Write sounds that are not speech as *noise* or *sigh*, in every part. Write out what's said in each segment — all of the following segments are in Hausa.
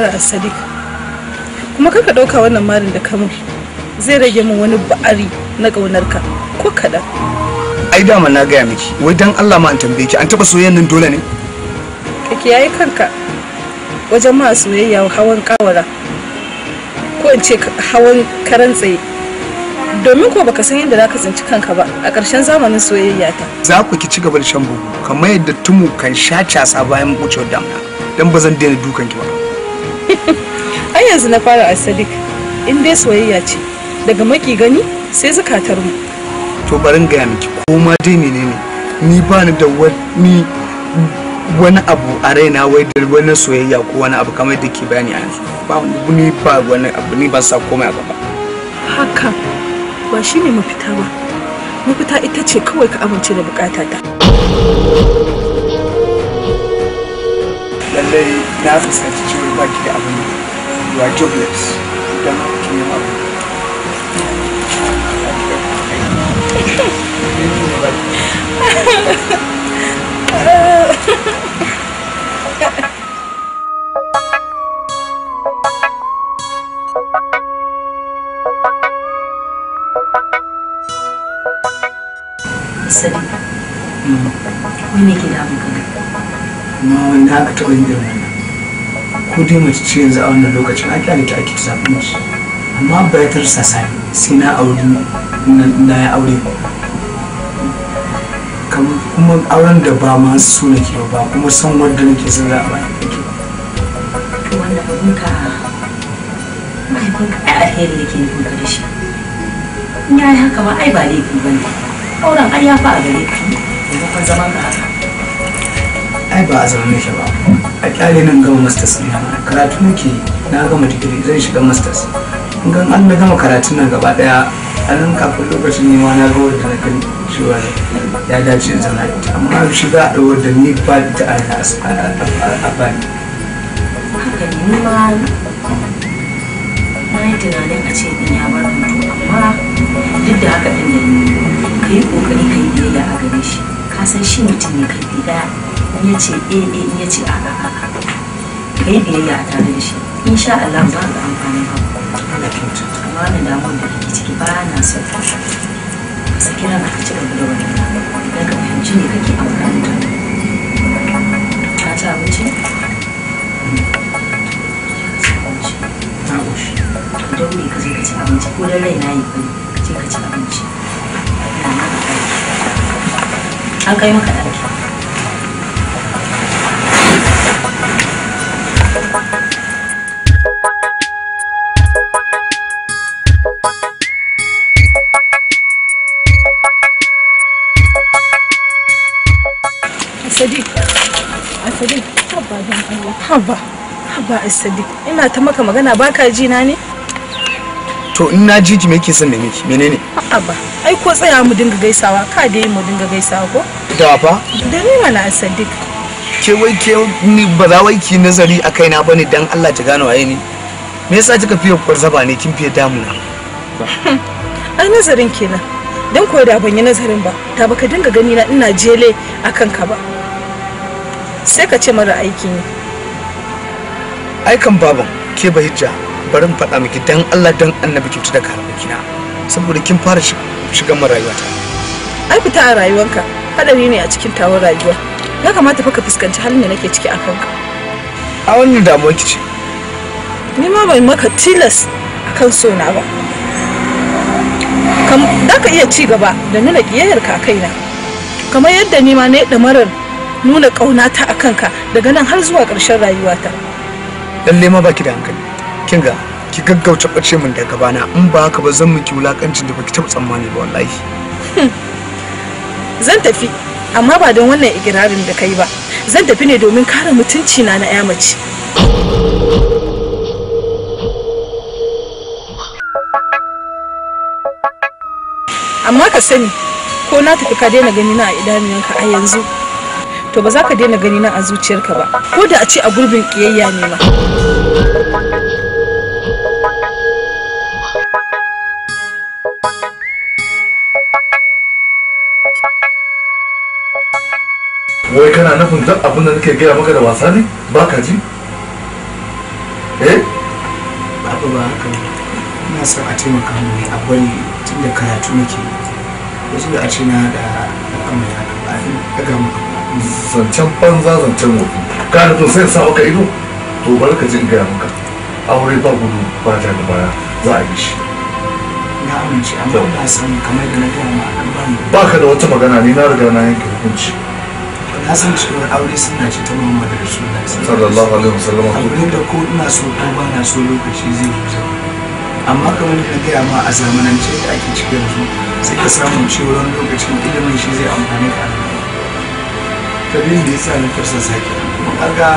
kara asadik kuma kaka ɗauka wannan marin da kamun zai rage min wani ba'ari na ƙaunarka ko kaɗan ai dama na gaya miki wai dan Allah ma an tambaye ki an taɓa soyayyan nan dole ne ka kiyaye kanka wajen ma soyayya hawan kawara ko in ce hawan karan tsaye domin ko baka san yadda zaka tsinci kanka ba a ƙarshen zamanin soyayya ta za ku ki ci gaba da shan bugu kamar yadda tumu kan sha casa bayan bucewar damuna dan ba zan daina dukan ki ba *laughs* ai yanzu na fara a sadik in dai soyayya ce daga maki gani sai zukatar mu to barin gaya miki ko ma dai menene ni ba ni da wani wani abu a raina wai da wani soyayya ko wani abu kamar da ke bayani a yanzu ba wani ba wani abu ni ban sa komai a gaba haka ba shine mafita ba mafita ita ce kawai ka amince da bukata ta lallai na fuskanci you are determined. You are jobless. You don't know what you have. Sani, mm. we make it happen. No, ko dai mace ce yanzu a wannan lokacin a kyale ta ake zaɓi mace amma ba ya tarsa sai sai na aure na ya aure kuma auren da ba ma su nake ba kuma san wanda nake son za a ba nake to wannan abinka mahaifinka ai alheri yake nufin ka da shi in ya yi haka ba ai ba laifi ba ne auren ai ya fa a gare ka ne da zaman ka haka ai ba a zama nake ba a kyale nan gama masters ne karatu nake na gama digiri zai shiga masters gan an na gama karatun nan gaba daya a nan kafin lokacin ne ma na ga wadda na kan shiwa ya dace zama zauna ita amma shiga da wadda ni ba ta a bani haka ne ma na yi tunanin a ce in ya bar mutu amma duk da haka ɗin da yi ka yi ƙoƙari ka yi biyayya a gare shi ka san shi mutum ne kai ɗaya in ya ce eh eh in ya ce a a a ka yi biyayya a tare da shi in sha Allah ba ga amfanin abu amma wani damuwar da ke ciki ba na son so ka saki na ka ci gaba da wani don ka fahimci ne kake amfani da ka ci abinci don me ka je ka ci abinci ko dan rai na yi bane ka je ka ci abinci an kai maka ɗaki Sadiq ina ta maka magana baka ji na ne to in na ji me yake son da miki menene a'a ba ai ko tsaya mu dinga gaisawa ka da mu dinga gaisawa ko da fa da ni mana Sadiq ke wai ke ni ba za wai ki nazari a kaina bane dan Allah ta gano waye ni me yasa kika fiye kwarzaba ne kin fiye damuna *laughs* ai nazarin kenan dan koyi da ban yi nazarin ba ta baka dinga gani na ina jele akan ka ba sai ka ce mara aikin yi aikan baban ke bahijja bari in faɗa miki dan Allah dan annabi ki daga harkokina saboda kin fara shigan ma ta. ai fita a rayuwarka hadari ne a cikin tawon rayuwa ya kamata fa ka fuskanci halin da nake ciki a kanka a wannan damuwar ki ce ni ma bai maka tilas akan so na ba za ka iya ci gaba da nuna ƙiyayyar ka kaina kamar yadda ni ma na yi ɗamarar nuna ƙaunata a kanka daga nan har zuwa ƙarshen rayuwata. lalle ma baki da hankali kin ga ki gaggauta bace min daga na in ba haka ba zan miki wulakancin da baki taɓa tsammani ba wallahi hmm. zan tafi amma ba don wannan ikirarin da kai ba zan tafi ne domin kare mutunci na na ya mace amma ka sani ko na tafi ka daina gani na a yanka a yanzu to ba za ka daina gani nan a zuciyarka ba ko da a ce a gurbin kiyayya ne ma wai kana nufin duk abin da nake gaya maka da wasa ne ba ka ji eh abu ba haka ina son a taimaka mu ne a tun da karatu nake yanzu da a ce na da al'amari haka ba a daga maka zancen banza zancen wofi gane to sai sa maka ido to bari ka ji in gaya maka aure ba gudu ba ta da baya za a yi shi na amince amma ba san kamar da na gaya ma an bani ba ka da wata magana ni na riga na yanke hukunci na san cewa aure suna ce ta mamma da rasulullahi sallallahu alaihi wasallam aure da ko ina so ko ba na so lokaci zai zuwa. amma kamar da gaya ma a zamanance da ake cikin su sai ka samu cewa lokacin ilimin shi zai amfani ka kabin da ya sa ni karsa sake kuma ga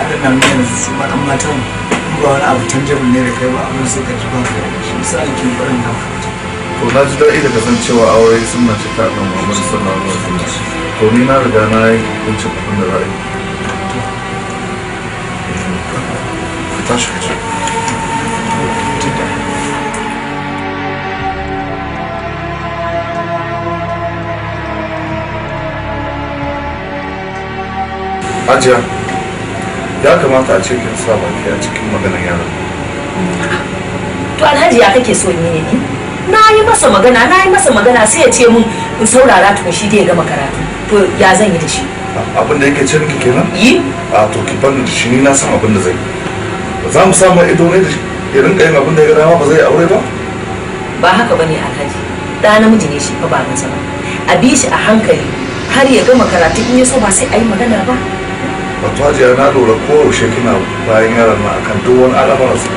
a da nan yanzu su ma an matan ba wani abu tangible ne da kai ba abin sai ka ji ba ka shi yasa ake barin da to na ji daɗi da cewa aure sun na cika ɗan mamar suna ruwa suna to ni na riga na yi hukuncin abin da za a yi eh, ka tashi ka ce hajiya ya kamata a ce kin sa baki a cikin maganar yaro. to alhaji ya kake so ne ne na yi masa magana na yi masa magana sai ya ce mun in saurara tun shi dai ya gama karatu to ya zan yi da shi abin da yake ce miki kenan yi a to ki ban da shi ni na san abin da zai ba za mu samu ido ne da shi ya rinka yin abin da ya dama ba zai aure ba ba haka bane alhaji da namiji ne shi fa ba ba a bi shi a hankali har ya gama karatu in ya so ba sai a yi magana ba wato hajiya na lura kowace kina bayan yaran na akan duk wani al'amuran su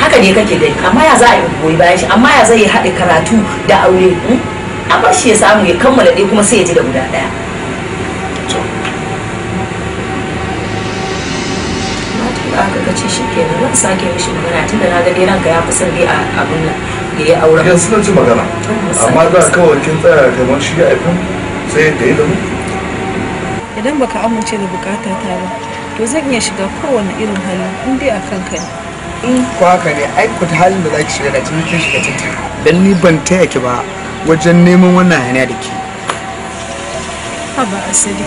haka ne kake dai amma ya za a yi goyi bayan shi amma ya zai haɗe karatu da aure hmm? a bar shi ya samu ya kammala ɗaya kuma sai ya ji da guda ɗaya aka kace shi ke nan wani sake mishi magana tun da na ga dai ranka ya fi sarri a abin nan ya yi auren yanzu na ji magana amma za kawai kin tsaya kamar shi ya aifin sai da ya damu idan baka amince da bukatata ba to zan iya shiga kowane irin hali in dai akan ka ne in ko haka ne ai ku ta halin da za ki shiga da tun kin shiga tun dan ni ban taya ki ba wajen neman wannan hanya da ke ha ba asali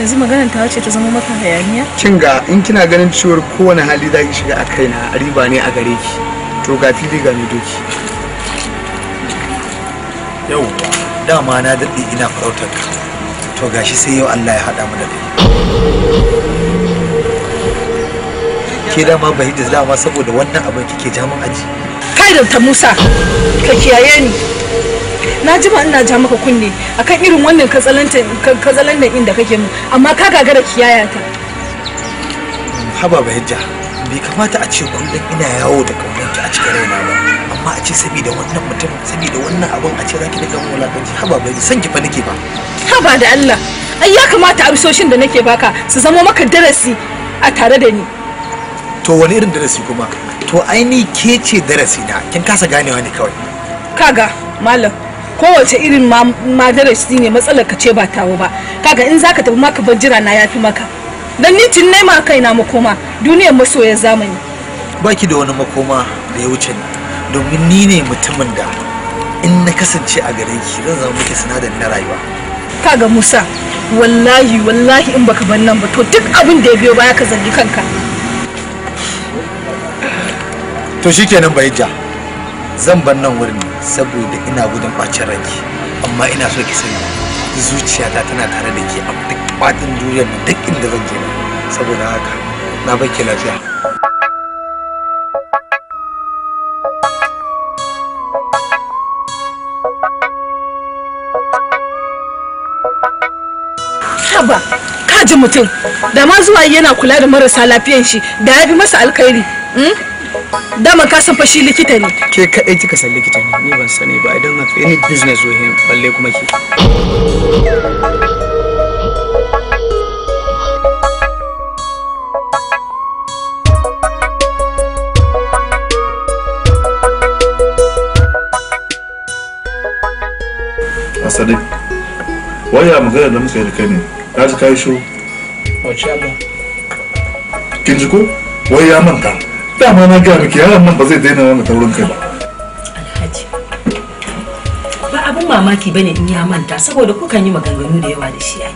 yanzu maganar ta ce ta zama maka hayaniya kin ga in kina ganin ciwar kowane hali za ki shiga a kaina riba ne a gare ki to ga fili ga doki yau dama na daɗe ina farautar ka to gashi sai yau Allah ya haɗa mu da kai ke dama bai da dama saboda wannan abin kike ja min aji kai da ta Musa ka kiyaye ni na ji ba ina ja maka kunne akan irin wannan katsalandan inda kake mu amma ka gagara kiyaya ta haba bahijja bai kamata a ce kullum ina yawo da kaunanki a cikin raina ba amma a ce saboda wannan mutum saboda wannan abun a ce zaki daga wulakanci haba bai san ki fa nake ba haba da Allah ai ya kamata amsoshin da nake baka su zama maka darasi a tare da ni to wani irin darasi kuma to ni ke ce darasi na kin kasa ganewa ne kawai kaga malam kowace irin ma darasi ne matsalar ka ce ba tawo ba kaga in zaka tafi maka ban jira na yafi maka dan ni tun nema kaina makoma duniyar masoyan zamani baki da wani makoma da ya wuce ni domin ni ne mutumin da in na kasance a gare ki zan zama miki sinadari na rayuwa kaga musa wallahi wallahi in baka bar nan ba to duk abin da ya biyo baya ka zargi kanka to shikenan bayijja zan bar nan wurin saboda ina gudun bacin ranki amma ina so ki sani zuciyata tana tare da ke a duk fatin duniyar duk inda zan je saboda haka na baki lafiya jin mutum da ma zuwa yana kula da marasa lafiyan shi da ya bi masa alkhairi hmm? dama ka san fashi likita ne ke kaɗai kika san likita ne ni ban sani ba idan don't have any business with him balle kuma ke Asali, waya magana da muka yi da kai ne, ka ji kai shiru. ji ko wai ya manta dama na gaya miki yaran nan ba zai daina wannan taurin kai ba alhaji ba abin mamaki bane in ya manta saboda kukan yi maganganu da yawa da shi ai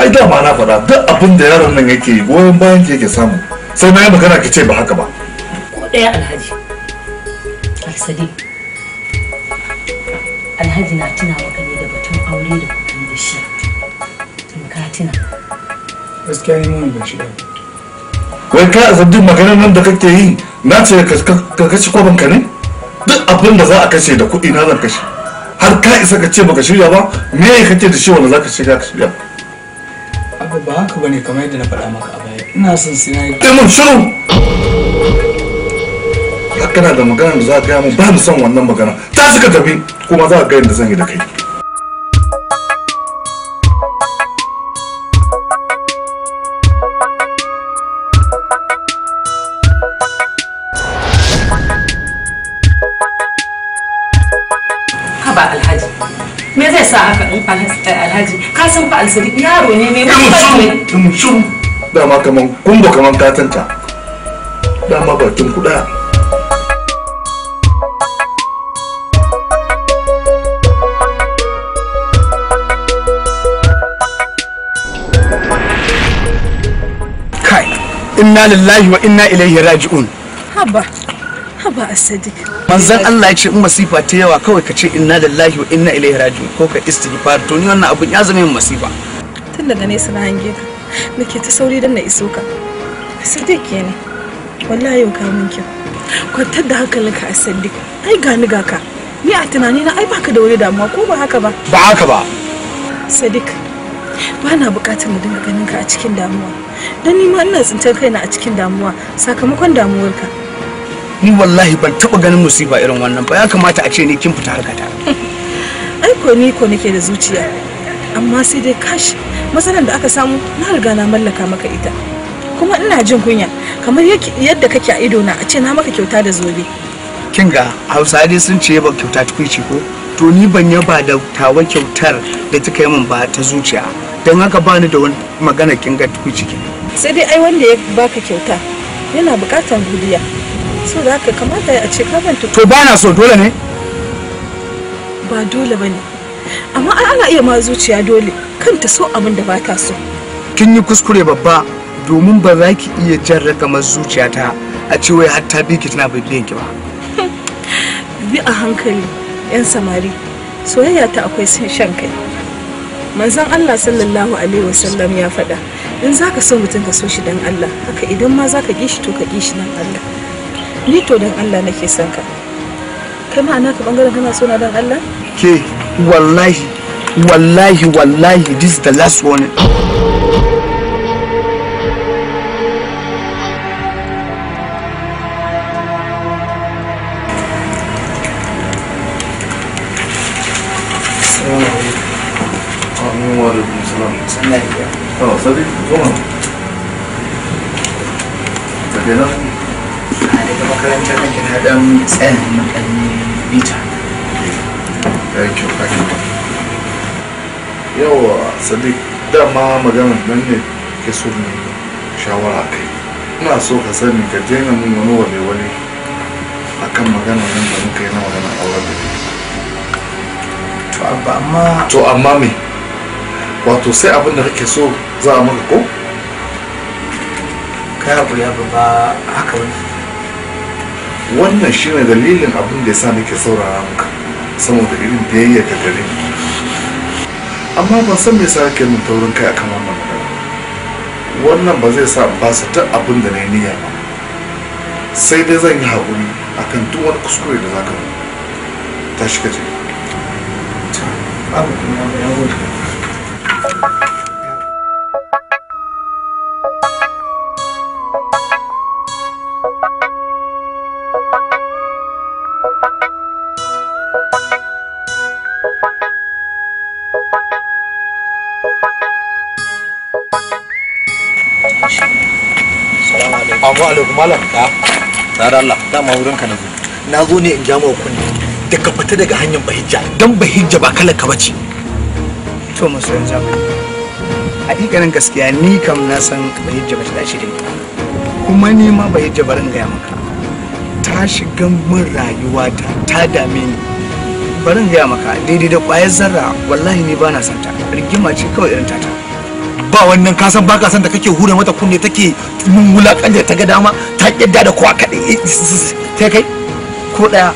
ai dama na faɗa duk abin da yaron nan yake yi goyon bayan ki yake samu sai na yi magana ki ce ba haka ba ko ɗaya alhaji alsadi alhaji na tuna maka ne da batun aure da kuɗi da shi in ka tuna gaskiya ne mun gashi da wai ka azabdin maganar nan da kake yi na ce ka kashe kwaban ka ne duk abin da za a kashe da kuɗi na zan kashe har ka isa ka ce baka shirya ba me ya kake da shi wanda za ka shirya ka shirya abu ba haka bane kamar yadda na faɗa maka a baya ina son sai na yi mun shiru kana da magana da za ka gaya mun ba ni son wannan magana ta suka tafi kuma za ka ga yadda zan yi da kai alhaji ka san fa alsadiq yaro ne ne mutum mutum dama kaman gumba kaman katanta dama bakin kuɗa inna lillahi wa inna ilaihi raji'un haba haba as-sadiq manzon Allah ya ce in masifa ta yawa kawai ka ce inna lahi wa inna ilaihi raji'un ko ka istighfar to ni wannan abun ya zama yin masifa tun daga nesa na hange ka nake ta sauri don na iso ka siddiq ne wallahi yau ka mun kyau kwantar da hankalinka a siddiq ai ga ni ga ka ni a tunani na ai baka da wani damuwa ko ba haka ba ba haka ba sadiq ba na bukatar mu dinga ganin ka a cikin damuwa don ni ma ina tsintar kaina a cikin damuwa sakamakon damuwarka ni wallahi ban taba ganin musiba irin wannan ba ya kamata a ce ni kin fita harkata ai ko ni ko nake da zuciya amma sai dai kashi matsalar da aka samu na riga na mallaka maka ita kuma ina jin kunya kamar yadda kake a ido na a ce na maka kyauta da zobe kin ga hausa dai sun ce ba kyauta tukuici ko to ni ban yaba da tawa kyautar da ta kai min ba ta zuciya don haka ba ni da wani magana kin ga tukuici sai dai ai wanda ya baka kyauta yana bukatar godiya so da haka kamata a ce ka to ba na so dole ne ba dole bane amma ana iya ma zuciya dole kanta so abin da ba ta so kin yi kuskure babba domin ba za ki iya jan rakamar ta a ce wai har ta bi ki tana bibiyan ki ba *laughs* bi a hankali yan samari soyayya ta akwai sun shan kai manzon Allah sallallahu alaihi wasallam ya faɗa in zaka so mutum ka so shi dan Allah haka idan ma zaka ki to ka ki shi dan Allah ni to dan Allah nake son ka kai ma'ana ka bangaren kana so na dan Allah ke wallahi wallahi wallahi this is the last one Oh, so did you go on? Okay, nothing. daga makarantar nan na dan tsayan makan bita yawa sadiq dama maganar nan ne ke so ne shawara kai ina so ka sani ka daina mun wani wale a kan maganar nan da muka yi na magana auren da to amma to amma me wato sai abin da kake so za a maka ko kai abu ya ba haka wani wannan shine dalilin abin da ya sa nake saurara muka saboda irin biyayya da gare ni amma ban san me yasa ke min taurin kai akan wannan ba. wannan ba zai sa ba su ta abin da na yi niyya ba sai dai zan yi haƙuri akan duk wani kuskure da za ka tashi ka je. Salamu alaikum. malam. Da. Tsara Allah. Dama wurin ka na zo. ne in ja mawa kunne. Da ka fita daga hanyar bahijja. Dan bahijja ba kalar ka bace. To masoyan zamani. Hakikanin gaskiya ni kam na san bahijja ba dace da ni. Kuma ni ma bahijja barin gaya maka. Ta shiga min rayuwata ta dame ni. Barin gaya maka daidai da ƙwayar zarra wallahi ni ba na santa. Rigima ce kawai irin tata. ba wannan ka san baka san da kake hura mata kunne take mun wulakan da ta ga dama ta yadda da kowa kaɗai ta eh, kai ko ɗaya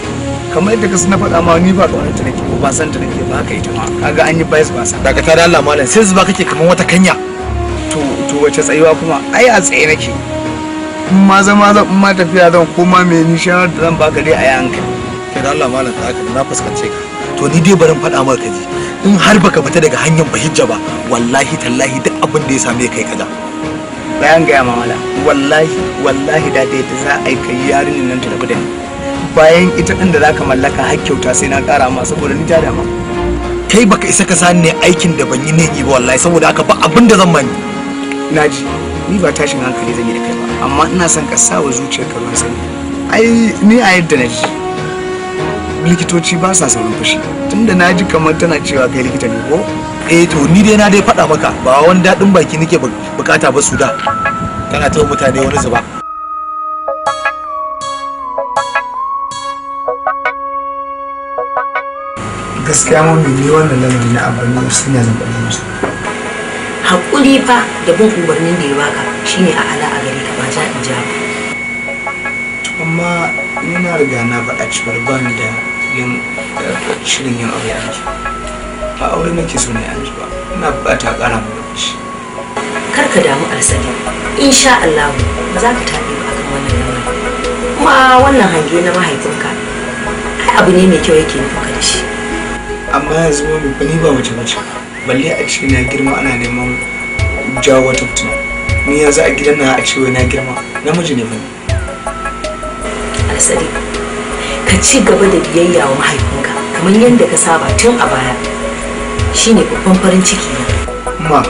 kamar yadda kasu na faɗa ma ni ba wani ta ko ba san ta nake ba yi ita ka kaga an yi bias ba san daga tare Allah malam sai zuba kake kamar wata kanya to to wace tsayuwa kuma ai a tsaye nake in ma zama zan in ma tafiya zan koma me ni da zan baka dai a yi hankali kai da Allah malam ta haka na fuskance ka to ni dai barin faɗa ka ji. in har baka fita daga hanyar bahijja ba wallahi tallahi duk abin da ya same kai kaza bayan gaya mamala wallahi wallahi da da za a yi kai yarinyar nan ta rabu da ni bayan ita ɗin da zaka mallaka har kyauta sai na ƙara ma saboda ni ta ma. kai baka isa ka sani ne aikin da ban yi ne ba wallahi saboda haka ba abin da zan mani naji ni ba tashin hankali zan yi da kai ba amma ina son ka sa wa zuciyarka ruwan sani. ai ni a yadda na ji likitoci ba sa saurin fushi tunda na ji kamar tana cewa kai likita ne ko eh to ni dai na dai faɗa maka ba wani daɗin baki nake bukata ba su da kana taɓa mutane wani zuba gaskiya mun bi wannan lamarin na abin su ne zan bari musu hakuri fa da bin umarnin da ya baka shine a ala a gare ka ba ja in ja ba amma ina riga na faɗa cewar ba ni da yin eh, shirin yin aure yanzu ba aure nake so ne yanzu ba ina bukata kara mu lokaci kar ka damu asali insha Allah ba za ka tafi ba kan wannan lamarin kuma wannan hange na mahaifinka ai abu ne mai kyau yake nufin ka da shi amma yanzu ba ba ni ba mace mace balle a cikin na girma ana neman jawo wata fitina ni yanzu a gidan na a ce na girma namiji ne bane asali ka ci gaba da biyayya wa mahaifinka kamar yadda ka saba tun a baya shine babban farin ciki ne ma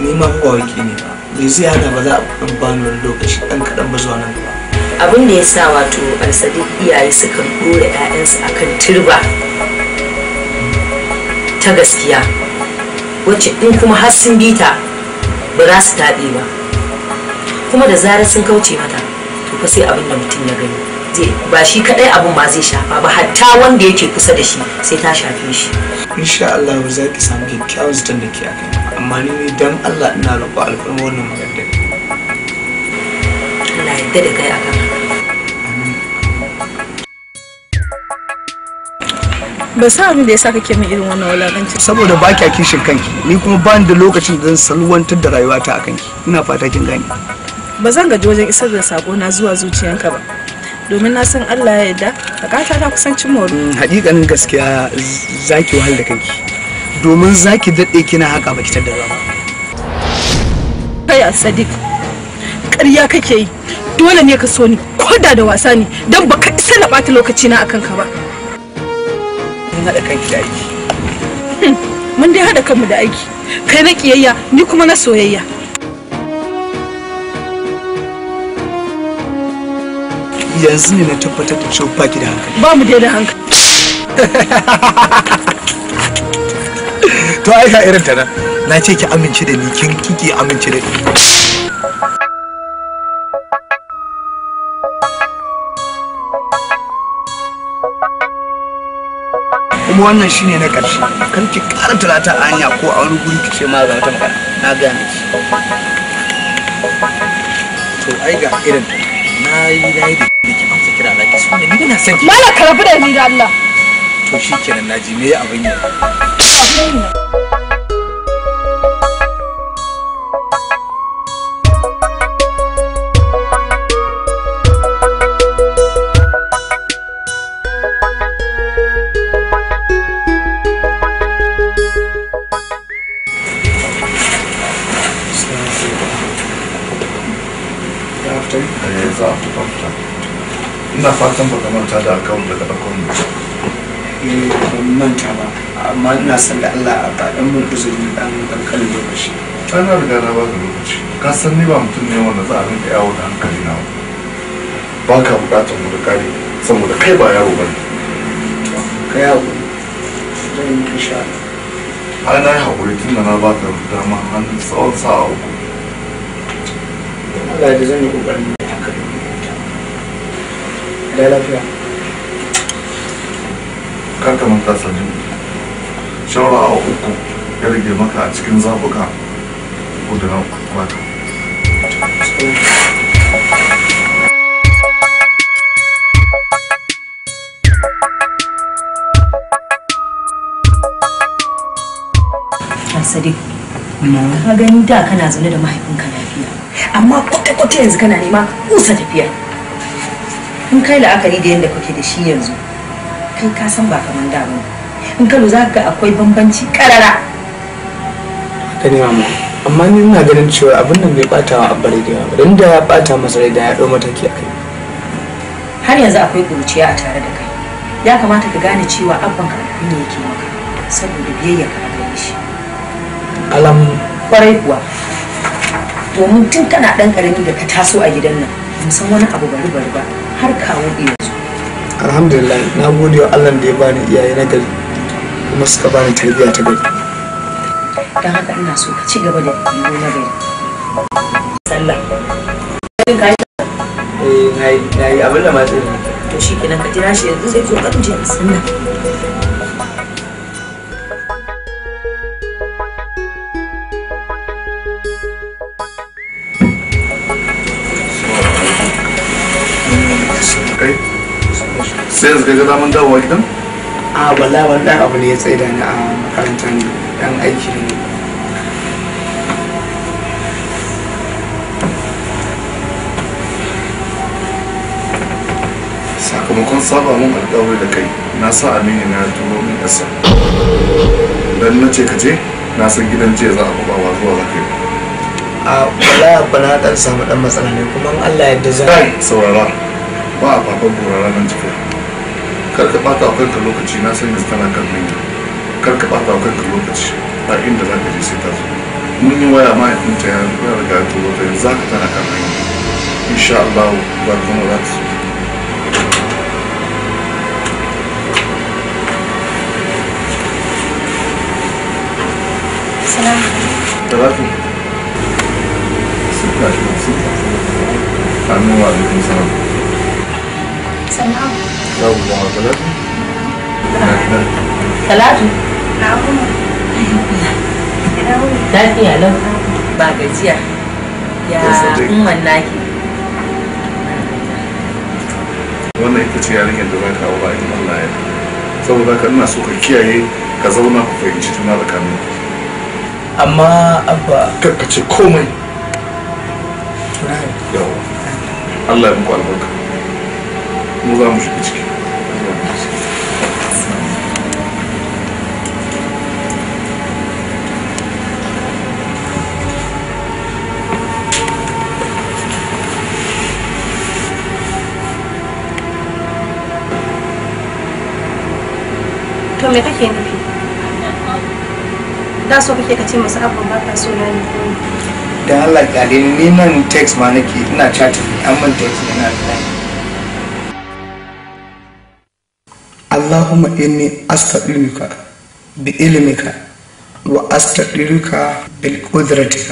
ni ma mawaki ne me zai hana ba za a dan bani wani lokaci dan kaɗan ba zuwa nan ba abin da ya sa wato alsadiq iyaye sukan dora 'ya'yansu akan turba ta gaskiya wacce in kuma har sun bi ta ba za su taɓe ba kuma da zarar sun kauce mata to fa sai abin da mutum ya gani ba shi kadai abun ba zai shafa ba hatta wanda yake kusa da shi sai ta shafe shi insha Allah za ki samu kyakkyawan zaton da ke akai amma ni ne dan Allah ina roƙo alfarma wannan magana Allah yadda da kai akan ba sa abin da yasa kake min irin wannan wulakanci saboda ba kya kishin kanki ni kuma ba ni da lokacin da zan salwantar da rayuwata akan ki ina fata kin gane ba zan gaji wajen isar da sako na zuwa zuciyanka ba domin na san Allah ya yarda kasa ta kusancin cin moro mm, hakikanin gaskiya zaki wahal da kanki domin zaki daɗe kina haka baki da ba kai sadiq ƙarya kake yi dole ne ka so ni ko da da wasa ne dan baka isa na ɓata lokaci na akan ka ba mun haɗa kanki da aiki hmm, mun dai haɗa kanmu da aiki kai na kiyayya ni kuma na soyayya yanzu ne na tabbatar da cewa baki da hankali ba mu da hankali *laughs* to ai ka irin ta nan na ce ki amince da ni kin kike amince da ni kuma wannan shine na ƙarshe kan ki ƙara talata a hanya ko a wani guri ki ce ma za ta magana na gaya miki to ai ga irin na yi na yi kira na ki so ni ina san ki mala karbu da ni da Allah to shikenan naji me abin ya. yi ina fatan baka manta da akawun daga ɗauko mu eh ban manta ba amma ina san da Allah a ɗan mun uzuri ɗan ƙanƙanin lokaci ana riga na ba lokaci ka san ni ba mutum ne wanda za a rinka yawo da hankali na ba Ba ka buƙatar mu da kare saboda kai ba yaro ba ne ka yawo zan yi insha Allah ana yi haƙuri tun da na ba ka dama hannun tsawon sa'a uku Allah da zan yi ƙoƙarin da lafiya ta shawara a uku ya rage maka a cikin zabuka ko da na kwata ah, Sadiq, ka gani da kana zaune da mahaifinka lafiya, amma kwata-kwata yanzu kana nema musa tafiya. in kai la'akari da yadda kake da shi yanzu kai ka san ba kamar da in ka za ka akwai bambanci karara haka ne mama amma ni ina ganin cewa abin nan bai bata wa abba da yawa don da ya bata masa rai da ya dau mataki kai. har yanzu akwai kuruciya a tare da kai ya kamata ka gane cewa abban ka ne yake maka saboda biyayya ka ga shi alam kwarai kuwa domin tun kana dan ƙarami da ka taso a gidan nan musan wani abu bari bari ba har kawo yanzu alhamdulillah na gode wa allah da ya bani iyaye na gari kuma suka bani tarbiyya ta gari don haka ina so ka ci gaba da yiwu na gari sallah kai kai eh nayi nayi abin da ma sai to shi kenan ka jira shi yanzu sai to ka tuje sallah kai sai yanzu ka mun dawo dawowa gidan a wallahi wani dan abu ne ya tsaida ni a makaranta ne dan aiki ne sakamakon saba mun alƙawari da kai na sa aminu na turo min ƙasa dan na ce ka je na san gidan jiya za a kwabawa zuwa za ka yi a wala bana dan samu dan matsala ne kuma Allah yadda zai saurara ba babanmu la cikin kar că bata wa kanka n-a să yanzu tana la cărmină. kar că bata mai cum te a inda za ka je sai ta zo mun yi waya ma in ta yanzu ya riga ta zo ta yanzu ka tana kan hanya insha Allah ba kuma za ta zo Salamu alaikum. Da rafi. Sun tashi, sun tashi. Amin wa alaikum salam. Sana'u. Yawwa Talatu. Talatu. Lafiya lau. Ba gajiya. Ya umman Wannan ita ce yarinyar da bai kawo bayan Allah ya. Saboda ka ina so ka kiyaye ka zauna ku fahimci juna da kamin. Amma abba. Kakkace komai. Yawwa. Allah ya muku albarka. mu za mu ciki to me kake nufi da so kake ka ce musu abin ta ka so na ne dan Allah ya ni nan text ma nake ina chatting an mun text ina reply اللهم إني أستعينك بعلمك وأستقدرك بقدرتك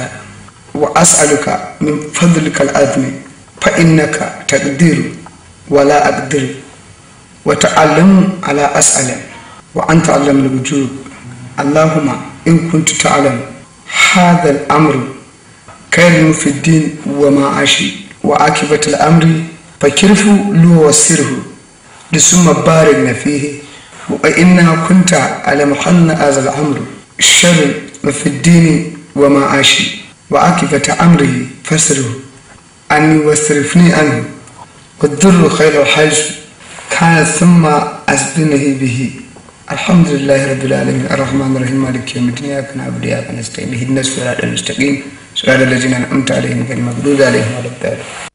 وأسألك من فضلك العظيم فإنك تقدر ولا أقدر وتعلم على أسأل وأنت علم الوجوب اللهم إن كنت تعلم هذا الأمر كرم في الدين ومعاشي وعاقبة الأمر فكرف له وسره لسما بارنا فيه وإن كنت على محن هذا الأمر الشر وفي الدين ومعاشي وعاقبة أمره فسره أني واصرفني عنه والذر خير الحج كان ثم أسدنه به الحمد لله رب العالمين الرحمن الرحيم مالك يوم الدين إياك نعبد وإياك نستعين اهدنا الصراط المستقيم صراط الذين أنعمت عليهم غير المغضوب عليهم ولا الضالين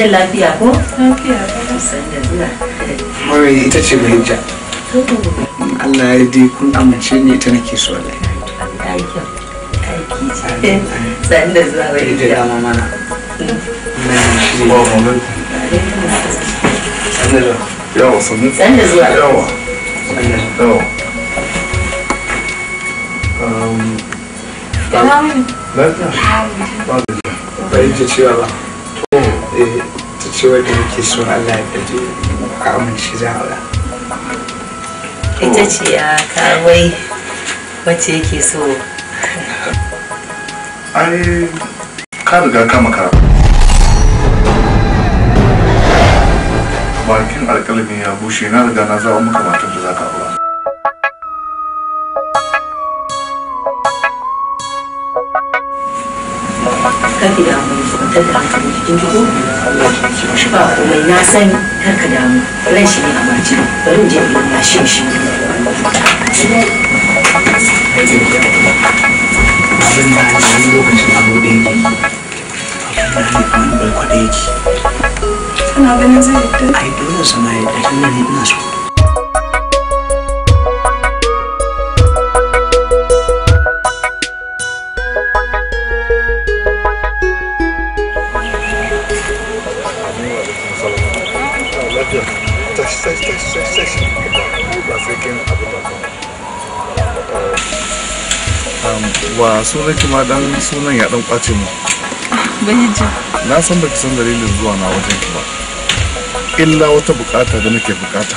gidan lafiya ko? Lafiya ko. ita ce Bahija. Allah ya dai kun amince ni ita nake so ko Aikin. Aiki. zuwa Bahija. Ita dama mana. Mm. Ba mu Sannan zuwa. Yawa sannan. zuwa. Yawa. Sannan. Yawa. Um, Lafiya. Ba da cewa ba. To, eh, ce wadda nake so Allah ya ɗaje ka amince za a ita ce ya kawai wacce yake so ai ka riga ka bakin alkalmi ya bushe na riga na zawo maka matar da za ka aura ka fi damu da in ji komai na sani kar ka damu shi ne a abin da wani lokacin da kwaɗe yake ganin zai yadda ai dole yadda ne ina so ba sunan nake ma dan sunan ya dan kwace mu bahijji na san baki san dalilin zuwa na wajen ki ba illa wata bukata da nake bukata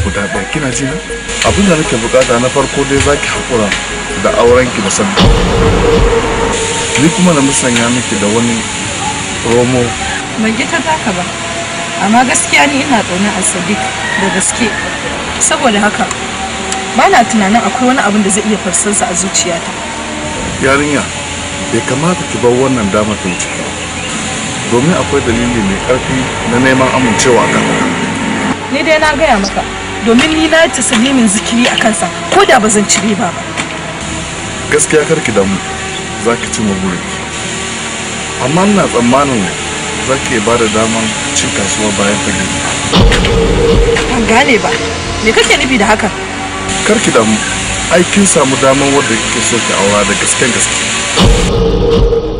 guda ɗaya kina ji na abin da nake bukata na farko dai zaki hakura da auren ki da sabbi ni kuma na musanya miki da wani romo ban ji ta zaka ba amma gaskiya ni ina a asadik da gaske saboda haka ba na tunanin akwai wani abin da zai iya farsansa a zuciyata yarinya bai kamata ki bar wannan damar ta wuce domin akwai dalili mai ƙarfi na neman amincewa kan ni dai na gaya maka domin ni na ta salimin zikiri a kansa ko da ba zan ci riba ba gaskiya karki damu za ki ci maburinki amma ina tsammanin za ki ba da damar cin kasuwa bayan ta gani ban gane ba me kake nufi da haka karki damu ai kin samu damar wadda kake so ki aura da gasken gaske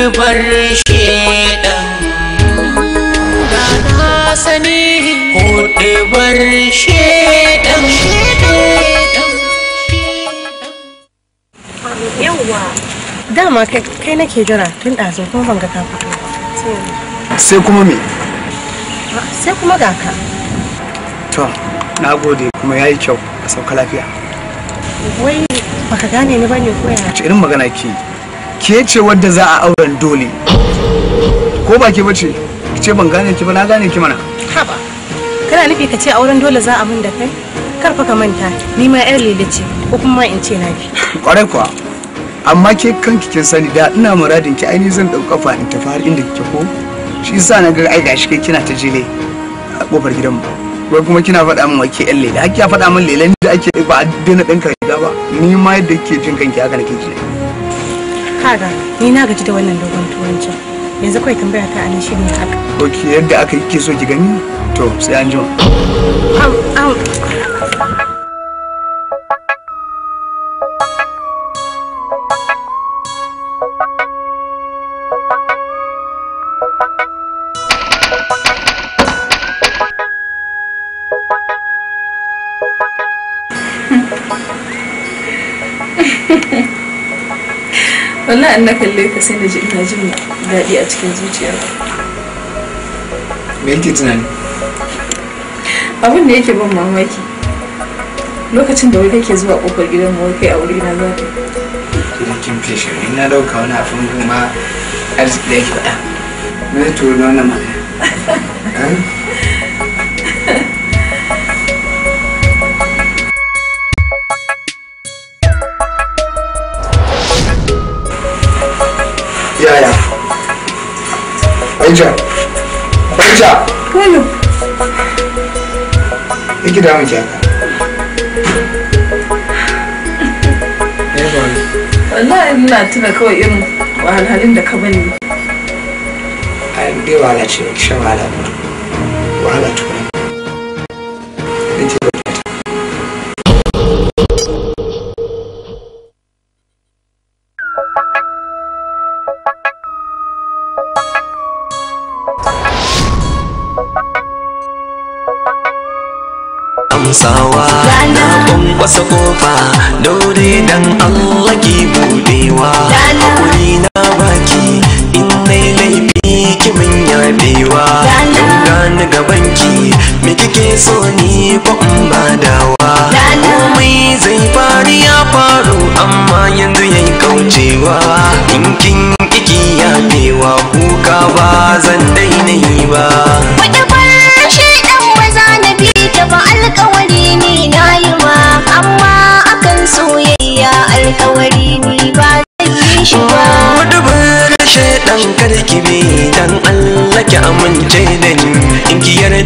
tarbar shedan da na sani shedan dama kai nake jira tun ɗazu kuma ban ga ka fito sai kuma me sai kuma ga ka to na gode kuma yayi kyau a sauka lafiya wai baka gane ni bane ko yana irin magana ke yi ke ce wadda za a auren dole ko ba ke bace ki ce ban gane ki ba na gane ki mana haba kana nufi ka ce auren dole za a min da kai kar fa ka manta ni ma yar lele ce ko kuma in ce na fi kwarai kuwa amma ke kanki kin sani da ina muradin ki ainihin zan dauka fa in tafi har inda kike ko shi yasa na ga ai gashi kai kina ta jile a kofar gidan mu wai kuma kina faɗa min wake yar lele har ya faɗa min lele? Ni da ake ba a daina ɗan riga ba ni ma yadda kike jin kanki haka nake ji kaga ni na gaji da wannan dogon turancin yanzu kawai tambaya ta anan shi ne haka ok yadda aka yi so ki gani to sai an ji wallahi in na kalle ka sai na ji ina jin daɗi a cikin zuciya me yake tunani abin da yake ban mamaki lokacin da wai kake zuwa kofar gidan mu kai a wuri na za ka gidan kin feshe ina dauka wani abin kuma arziki da yake faɗa me ya turo da wannan magana *laughs* eh? Khadija. Khadija. na Me ina tuna kawai irin wahalhalun da ka bani. Ai wahala ce shan wahala. Wahala tukuna.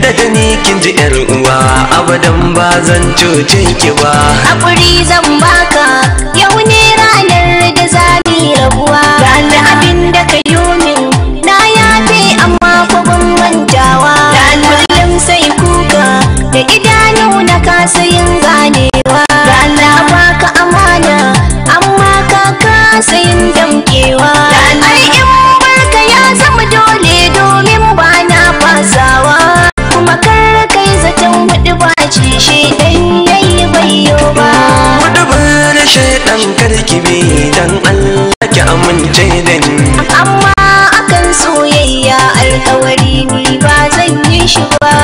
da ni kin ji yar uwa abadan ba zan cuce ki ba hakuri zan baka ɗan karki bi dan Allah ki amince da ni amma akan soyayya alkawari ni ba zan yi shi ba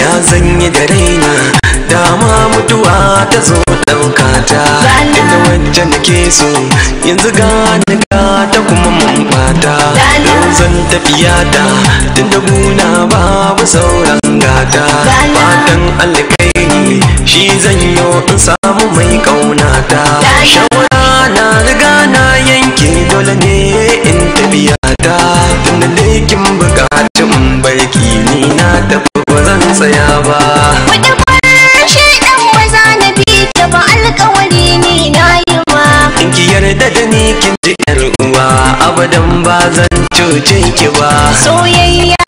Ya zanyi da raina dama mutuwa ta zo ta nake so yanzu gani ka ta kuma mun bata zan tafiya ta tun da guna babu sauran gata fatan alkairi shi zan yi in ba abadan ba zan cuce ki ba soyayya